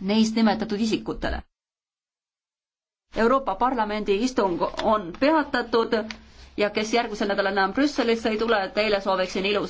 neist nimetatud isikutele. Euroopa Parlamendi istung on peatatud ja kes järgmisel nädalal enam Brüsselisse ei tule, teile sooviksin ilusat